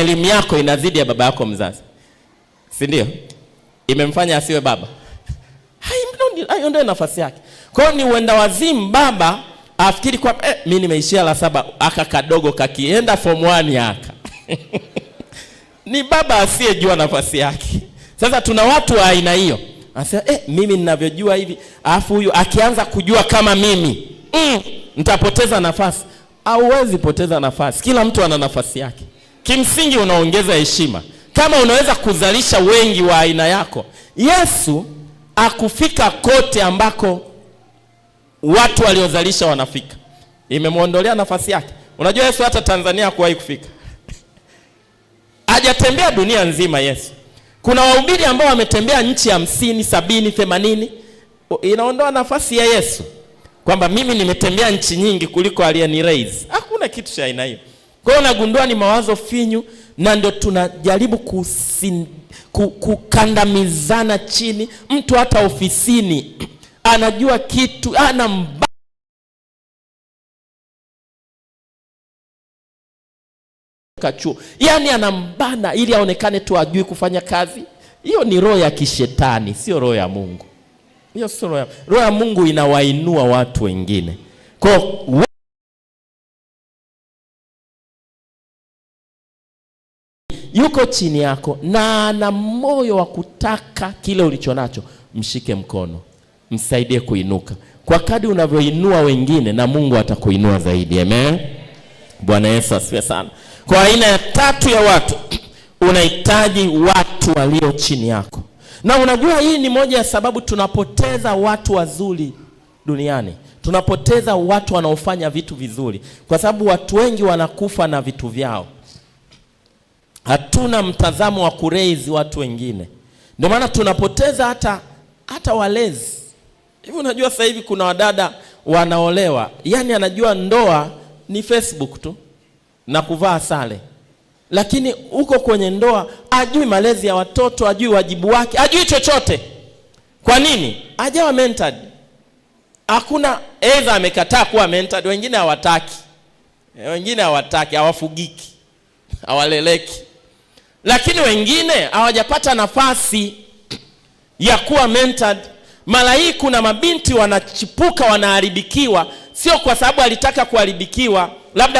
elimu yako inazidi ya baba yako mzazi, si ndio? Imemfanya asiwe baba. Hayo ndio nafasi yake. Kwa hiyo ni uenda wazimu baba afikiri kwa eh, mimi nimeishia la saba, aka kadogo kakienda form 1 aka ni baba asiyejua nafasi yake. Sasa tuna watu wa aina hiyo, anasema eh, mimi ninavyojua hivi, alafu huyu akianza kujua kama mimi mm, nitapoteza nafasi. Hauwezi poteza nafasi, kila mtu ana nafasi yake. Kimsingi unaongeza heshima kama unaweza kuzalisha wengi wa aina yako. Yesu akufika kote ambako watu waliozalisha wanafika, imemwondolea nafasi yake. Unajua Yesu hata Tanzania hakuwahi kufika, hajatembea dunia nzima. Yesu kuna wahubiri ambao wametembea nchi hamsini, sabini, themanini. Inaondoa nafasi ya Yesu kwamba mimi nimetembea nchi nyingi kuliko raise. Hakuna kitu cha aina hiyo. Kwa hiyo nagundua ni mawazo finyu, na ndio tunajaribu kusin, kukandamizana chini. Mtu hata ofisini anajua kitu ana mba. Chuo yaani anambana ili aonekane tu ajui kufanya kazi. Hiyo ni roho ya kishetani, sio roho ya Mungu. Hiyo sio roho ya Mungu. Roho ya Mungu inawainua watu wengine kwa yuko chini yako na ana moyo wa kutaka kile ulicho nacho, mshike mkono, msaidie kuinuka. Kwa kadi unavyoinua wengine, na Mungu atakuinua zaidi. Amen. Bwana Yesu asifiwe sana. Kwa aina ya tatu ya watu unahitaji watu walio chini yako, na unajua hii ni moja ya sababu tunapoteza watu wazuri duniani tunapoteza watu wanaofanya vitu vizuri, kwa sababu watu wengi wanakufa na vitu vyao hatuna mtazamo wa kureizi watu wengine, ndio maana tunapoteza hata hata walezi. Hivi unajua sasa hivi kuna wadada wanaolewa, yaani anajua ndoa ni Facebook tu na kuvaa sare, lakini uko kwenye ndoa ajui malezi ya watoto, ajui wajibu wake, ajui chochote. Kwa nini? Hajawa mentored. Hakuna, aidha amekataa kuwa mentored, wengine hawataki, wengine hawataki, hawafugiki, hawaleleki lakini wengine hawajapata nafasi ya kuwa mentored. Mara hii kuna mabinti wanachipuka wanaharibikiwa, sio kwa sababu alitaka kuharibikiwa, labda